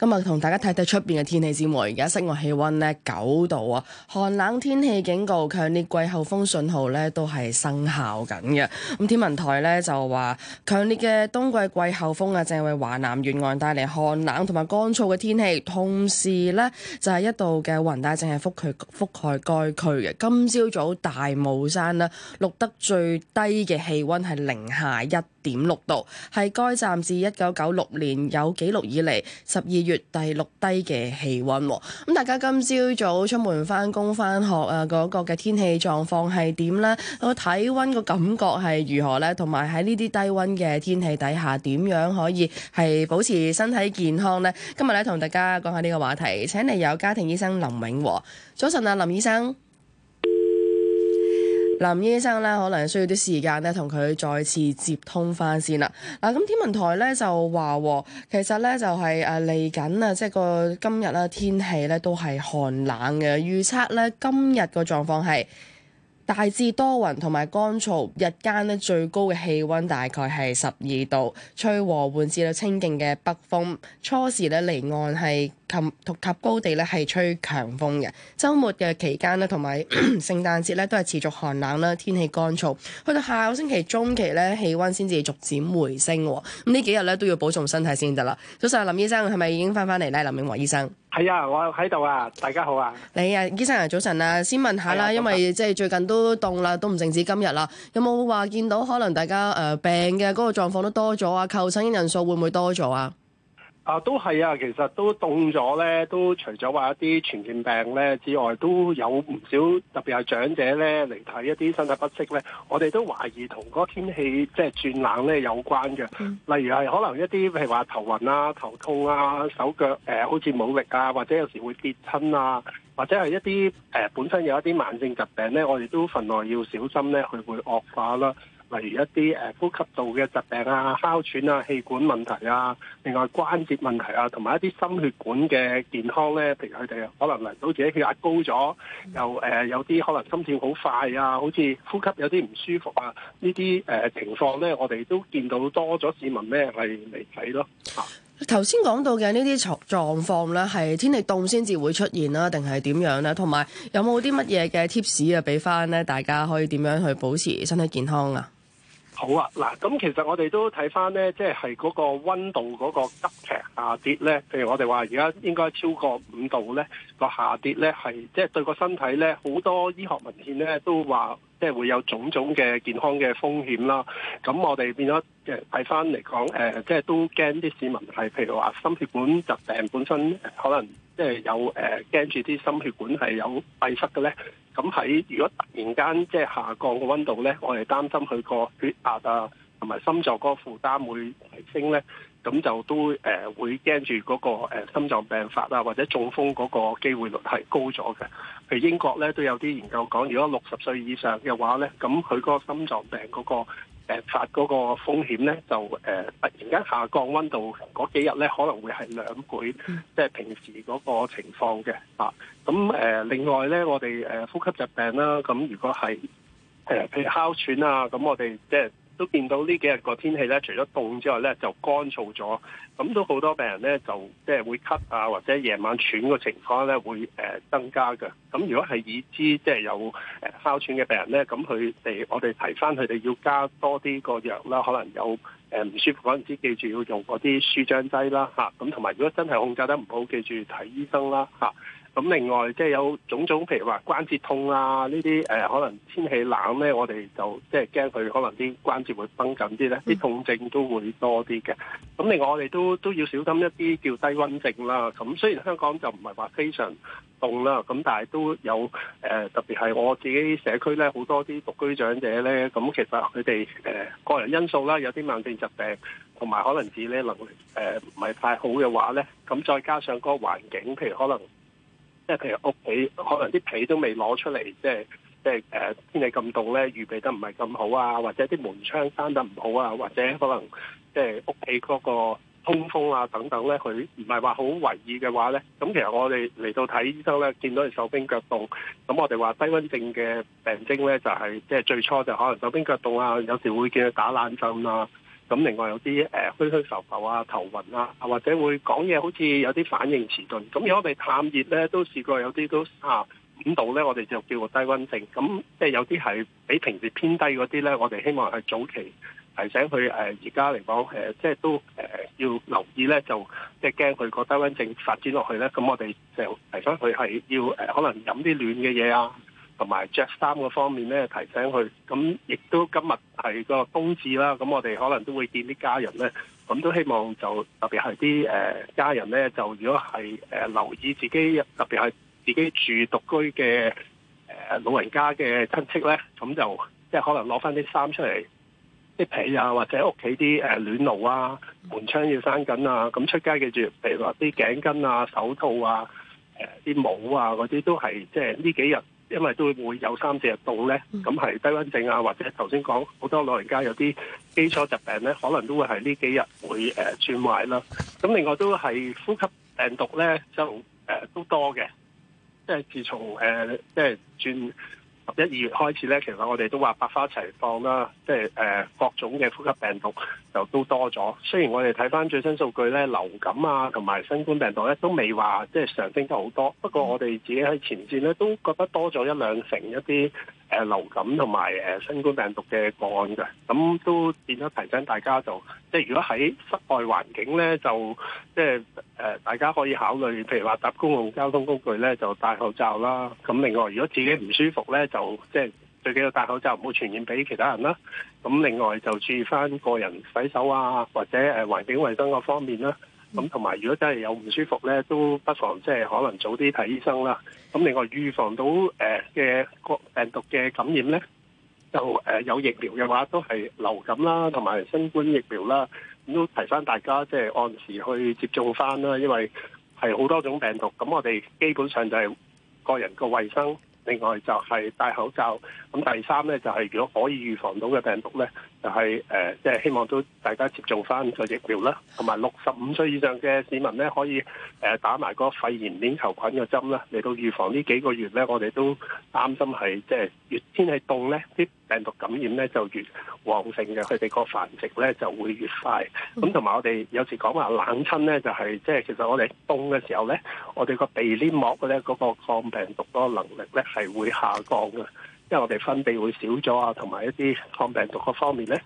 今日同大家睇睇出邊嘅天氣之外，而家室外氣溫咧九度啊，寒冷天氣警告、強烈季候風信號咧都係生效緊嘅。咁天文台咧就話，強烈嘅冬季季候風啊，正係為華南沿岸帶嚟寒冷同埋乾燥嘅天氣，同時咧就係一度嘅雲帶正係覆蓋覆蓋該區嘅。今朝早大帽山咧錄得最低嘅氣溫係零下一點六度，係該站自一九九六年有記錄以嚟十二月月第六低嘅氣溫，咁大家今朝早，早出門翻工翻學啊，嗰、嗰個嘅天氣狀況係點呢？個體溫個感覺係如何呢？同埋喺呢啲低溫嘅天氣底下，點樣可以係保持身體健康呢？今日咧同大家講下呢個話題，請你有家庭醫生林永和。和早晨啊，林醫生。林醫生咧，可能需要啲時間咧，同佢再次接通翻先啦。嗱、啊，咁天文台咧就話，其實咧就係誒嚟緊啊，即係個今日咧天氣咧都係寒冷嘅。預測咧今日個狀況係大致多雲同埋乾燥，日間咧最高嘅氣温大概係十二度，吹和緩至到清勁嘅北風，初時咧離岸係。及及高地咧，係吹強風嘅。週末嘅期間呢，同埋 聖誕節咧，都係持續寒冷啦，天氣乾燥。去到下個星期中期咧，氣温先至逐漸回升。咁呢幾日咧都要保重身體先得啦。早晨，林醫生，係咪已經翻返嚟咧？林永和醫生，係啊，我喺度啊，大家好啊。你啊，醫生啊，早晨啊，先問下啦， 因為即係最近都凍啦，都唔淨止，止今日啦。有冇話見到可能大家誒、呃、病嘅嗰個狀況都多咗啊？求診人，人，人數人會唔會多咗啊？啊，都係啊，其實都凍咗咧，都除咗話一啲傳染病咧之外，都有唔少特別係長者咧嚟睇一啲身體不適咧，我哋都懷疑同嗰個天氣即係、就是、轉冷咧有關嘅。例如係可能一啲譬如話頭暈啊、頭痛啊、手腳誒、呃、好似冇力啊，或者有時會跌親啊，或者係一啲誒、呃、本身有一啲慢性疾病咧，我哋都份外要小心咧，佢會惡化啦。例如一啲誒呼吸道嘅疾病啊、哮喘啊、氣管問題啊，另外關節問題啊，同埋一啲心血管嘅健康咧，譬如佢哋可能嚟到自己血壓高咗，嗯、又誒、呃、有啲可能心跳好快啊，好似呼吸有啲唔舒服啊，呢啲誒情況咧，我哋都見到多咗市民咧係嚟睇咯。嚇，頭先講到嘅呢啲狀狀況咧，係天氣凍先至會出現啦，定係點樣咧？同埋有冇啲乜嘢嘅 tips 啊，俾翻咧大家可以點樣去保持身體健康啊？好啊，嗱，咁其實我哋都睇翻咧，即係係嗰個温度嗰個急劇下跌咧，譬如我哋話而家應該超過五度咧，個下跌咧係即係對個身體咧好多醫學文獻咧都話即係會有種種嘅健康嘅風險啦。咁我哋變咗誒睇翻嚟講誒，即係、呃就是、都驚啲市民係譬如話心血管疾病本身可能即係有誒驚住啲心血管係有閉塞嘅咧。咁喺如果突然間即係、就是、下降個温度咧，我哋擔心佢個血壓啊，同埋心臟嗰個負擔會提升咧，咁就都誒會驚住嗰個心臟病發啊，或者中風嗰個機會率係高咗嘅。而英國咧都有啲研究講，如果六十歲以上嘅話咧，咁佢嗰個心臟病嗰、那個。誒發嗰個風險咧，就誒突然間下降温度嗰幾日咧，可能會係兩倍，即係平時嗰個情況嘅。啊，咁誒另外咧，我哋誒呼吸疾病啦，咁如果係誒譬如哮喘啊，咁我哋即係。就是都見到呢幾日個天氣咧，除咗凍之外咧，就乾燥咗。咁都好多病人咧，就即係會咳啊，或者夜晚喘嘅情況咧，會誒、呃、增加嘅。咁如果係已知即係有誒哮喘嘅病人咧，咁佢哋我哋提返佢哋要加多啲個藥啦，可能有誒唔、呃、舒服嗰陣時，記住要用嗰啲舒張劑啦嚇。咁同埋如果真係控制得唔好，記住睇醫生啦嚇。啊。咁另外，即係有種種，譬如話關節痛啊，呢啲誒可能天氣冷咧，我哋就即係驚佢可能啲關節會繃緊啲咧，啲痛症都會多啲嘅。咁另外，我哋都都要小心一啲叫低溫症啦。咁雖然香港就唔係話非常凍啦，咁但係都有誒、呃，特別係我自己社區咧，好多啲獨居長者咧，咁其實佢哋誒個人因素啦，有啲慢性疾病，同埋可能自理能力誒唔係太好嘅話咧，咁再加上嗰個環境，譬如可能。即係譬如屋企可能啲被都未攞出嚟，即係即係誒天氣咁凍咧，預備得唔係咁好啊，或者啲門窗閂得唔好啊，或者可能即係屋企嗰個通風啊等等咧，佢唔係話好為意嘅話咧，咁其實我哋嚟到睇醫生咧，見到係手冰腳凍，咁我哋話低溫症嘅病徵咧就係即係最初就可能手冰腳凍啊，有時會見佢打冷震啊。咁另外有啲誒、呃、虛虛浮浮啊、頭暈啊，或者會講嘢好似有啲反應遲鈍。咁如果我哋探熱咧，都試過有啲都啊五度咧，我哋就叫個低溫症。咁即係有啲係比平時偏低嗰啲咧，我哋希望係早期提醒佢誒，而家嚟講誒，即係都誒、呃、要留意咧，就即係驚佢個低溫症發展落去咧。咁我哋就提醒佢係要誒、呃，可能飲啲暖嘅嘢啊，同埋着衫嗰方面咧，提醒佢。咁亦都今日，係個冬至啦，咁我哋可能都會見啲家人咧，咁都希望就特別係啲誒家人咧，就如果係誒、呃、留意自己，特別係自己住獨居嘅誒、呃、老人家嘅親戚咧，咁就即係可能攞翻啲衫出嚟，啲被啊，或者屋企啲誒暖爐啊、門窗要閂緊啊，咁出街記住，譬如話啲頸巾啊、手套啊、誒啲帽啊嗰啲，都係即係呢幾日。因為都會有三四日到呢，咁係低溫症啊，或者頭先講好多老人家有啲基礎疾病呢，可能都會係呢幾日會誒、呃、轉壞啦。咁另外都係呼吸病毒呢，就誒、呃、都多嘅，即係自從誒、呃、即係轉。一二月開始咧，其實我哋都話百花齊放啦，即係誒、呃、各種嘅呼吸病毒就都多咗。雖然我哋睇返最新數據咧，流感啊同埋新冠病毒咧都未話即係上升得好多，不過我哋自己喺前線咧都覺得多咗一兩成一啲。誒流感同埋誒新冠病毒嘅個案嘅，咁都變咗提醒大家就，即係如果喺室外環境咧，就即係誒、呃、大家可以考慮，譬如話搭公共交通工具咧，就戴口罩啦。咁另外，如果自己唔舒服咧，就即係最緊要戴口罩，唔好傳染俾其他人啦。咁另外就注意返個人洗手啊，或者誒、呃、環境衞生個方面啦。咁同埋，如果真係有唔舒服咧，都不妨即係可能早啲睇醫生啦。咁另外預防到誒嘅個病毒嘅感染咧，就誒有疫苗嘅話，都係流感啦，同埋新冠疫苗啦，咁都提醒大家即係按時去接種翻啦。因為係好多種病毒，咁我哋基本上就係個人嘅衞生，另外就係戴口罩。咁第三咧就係、是、如果可以預防到嘅病毒咧。就係誒，即係希望都大家接種翻個疫苗啦，同埋六十五歲以上嘅市民咧，可以誒打埋個肺炎鏈球菌嘅針啦，嚟到預防呢幾個月咧，我哋都擔心係即係越天氣凍咧，啲病毒感染咧就越旺盛嘅，佢哋個繁殖咧就會越快。咁同埋我哋有時講話冷親咧、就係，就係即係其實我哋凍嘅時候咧，我哋個鼻黏膜咧嗰個抗病毒嗰個能力咧係會下降嘅。因為我哋分泌會少咗啊，同埋一啲抗病毒嗰方面呢，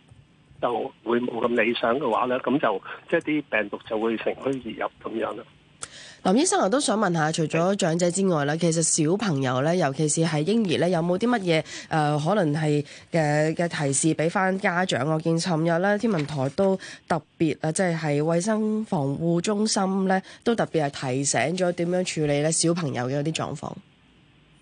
就會冇咁理想嘅話呢，咁就即係啲病毒就會乘虛而入咁樣咯。林醫生，我都想問下，除咗長者之外呢，其實小朋友呢，尤其是係嬰兒呢，有冇啲乜嘢誒？可能係嘅嘅提示俾翻家長。我見尋日呢，天文台都特別啊，即係係衞生防護中心呢，都特別係提醒咗點樣處理呢小朋友嘅嗰啲狀況。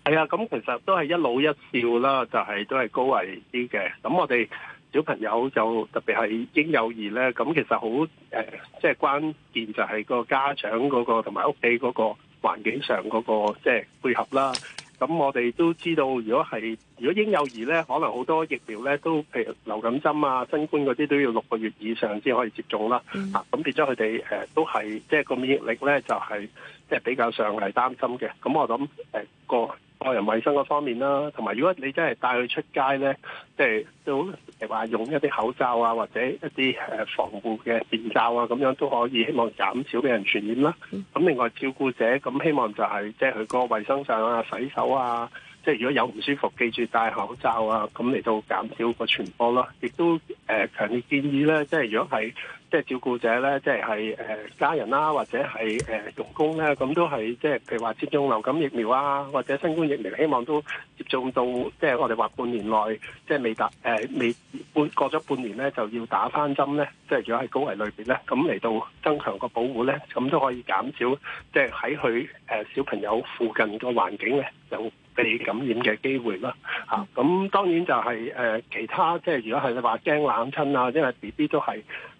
係啊，咁其實都係一老一少啦，就係、是、都係高危啲嘅。咁我哋小朋友就特別係嬰幼兒咧，咁其實好誒，即、呃、係、就是、關鍵就係個家長嗰、那個同埋屋企嗰個環境上嗰、那個即係、就是、配合啦。咁我哋都知道，如果係如果嬰幼兒咧，可能好多疫苗咧都譬如流感針啊、新冠嗰啲都要六個月以上先可以接種啦。Mm. 啊，咁變咗佢哋誒都係即係個免疫力咧就係即係比較上係擔心嘅。咁我諗誒、呃、個。個人衞生嗰方面啦，同埋如果你真係帶佢出街呢，即係都話用一啲口罩啊，或者一啲防護嘅面罩啊，咁樣都可以希望減少俾人傳染啦啊。咁另外照顧者，咁希望就係即係佢個衞生上啊，洗手啊。即係如果有唔舒服，記住戴口罩啊，咁嚟到減少個傳播啦。亦都誒、呃、強烈建議咧，即係如果係即係照顧者咧，即係係誒家人啦，或者係誒員工咧，咁都係即係譬如話接種流感疫苗啊，或者新冠疫苗，希望都接種到，即係我哋話半年內，即係未打誒、呃、未半過咗半年咧，就要打返針咧。即係如果係高危類別咧，咁嚟到增強個保護咧，咁都可以減少即係喺佢誒小朋友附近個環境咧有。就被感染嘅機會啦，嚇、啊、咁當然就係、是、誒、呃、其他即係如果係你話驚冷親啊，因為 B B 都係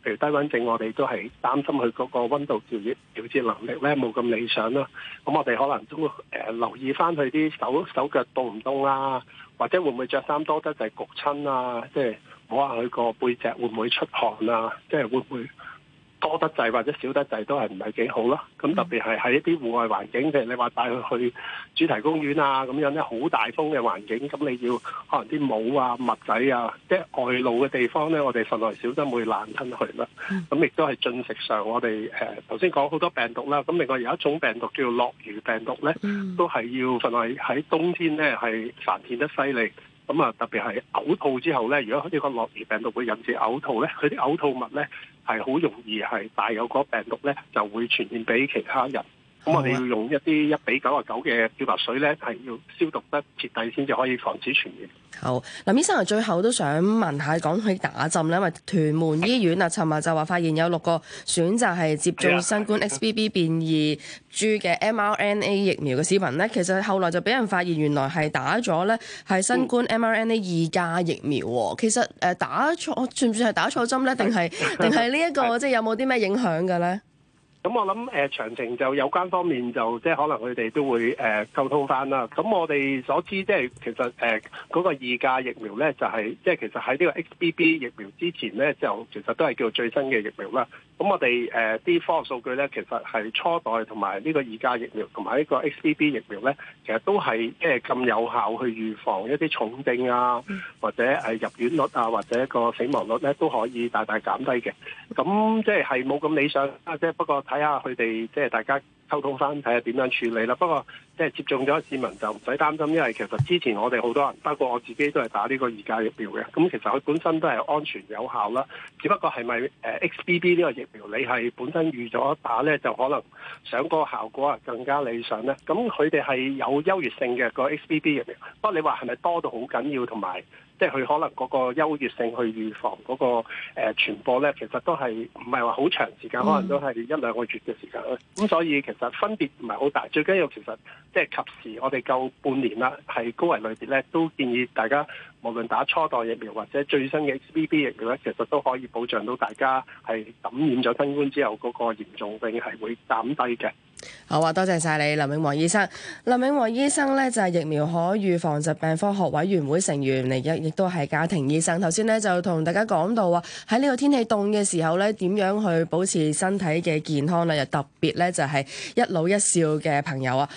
譬如低溫症，我哋都係擔心佢嗰個溫度調節調節能力咧冇咁理想啦。咁我哋可能都會誒、呃、留意翻佢啲手手腳凍唔凍啊，或者會唔會着衫多得滯焗親啊？即係摸下佢個背脊會唔會出汗啊？即係會唔會？多得滯或者少得滯都係唔係幾好咯。咁特別係喺一啲戶外環境，譬如你話帶佢去主題公園啊咁樣咧，好大風嘅環境，咁你要可能啲帽啊、襪仔啊，即係外露嘅地方咧，我哋份外小心會爛親佢啦。咁亦都係進食上，我哋誒頭先講好多病毒啦。咁另外有一種病毒叫做諾如病毒咧，都係要份外喺冬天咧係繁衍得犀利。咁啊，特別係嘔吐之後咧，如果呢個諾如病毒會引致嘔吐咧，佢啲嘔吐物咧。係好容易係帶有嗰病毒咧，就會傳染俾其他人。咁、啊、我哋要用一啲一比九啊九嘅漂白水咧，係要消毒得徹底先至可以防止傳染。好，林醫生啊，最後都想問下，講起打針咧，因為屯門醫院啊，尋日就話發現有六個選擇係接種新冠 XBB 變異株嘅 mRNA 疫苗嘅市民咧，其實後來就俾人發現原來係打咗咧係新冠 mRNA 二價疫苗。其實誒打錯算唔算係打錯針咧？定係定係呢一個即係有冇啲咩影響嘅咧？咁我諗誒詳情就有關方面就即係可能佢哋都會誒，呃、溝通翻啦。咁我哋所知，即係、就是、其實誒，嗰，呃那個二價疫苗咧，就係即係其實喺呢個 XBB 疫苗之前咧，就其實都係叫做最新嘅疫苗啦。咁我哋誒啲科學數據咧，其實係初代同埋呢個二價疫苗同埋呢個 XBB 疫苗咧，其實都係即係咁有效去預防一啲重症啊，或者係入院率啊，或者個死亡率咧都可以大大減低嘅。咁即係係冇咁理想，啊，即係不過睇下佢哋即係大家。溝通翻睇下點樣處理啦。不過即係接種咗市民就唔使擔心，因為其實之前我哋好多人，包括我自己都係打呢個二價疫苗嘅。咁其實佢本身都係安全有效啦。只不過係咪誒 XBB 呢個疫苗你係本身預咗打呢，就可能想個效果啊更加理想呢。咁佢哋係有優越性嘅個 XBB 疫苗。不過你話係咪多到好緊要同埋？即係佢可能嗰個優越性去預防嗰、那個誒、呃、傳播咧，其實都係唔係話好長時間，mm hmm. 可能都係一兩個月嘅時間咁，所以其實分別唔係好大，最緊要其實即係及時。我哋夠半年啦，係高危類別咧，都建議大家無論打初代疫苗或者最新嘅 XBB 疫苗咧，其實都可以保障到大家係感染咗新冠之後嗰、那個嚴重性係會減低嘅。好啊，多謝晒你，林永和醫生。林永和醫生呢，就係疫苗可預防疾病科學委員會成員嚟，嘅亦都係家庭醫生。頭先呢，就同大家講到啊，喺呢個天氣凍嘅時候呢，點樣去保持身體嘅健康咧？又特別呢，就係一老一少嘅朋友啊。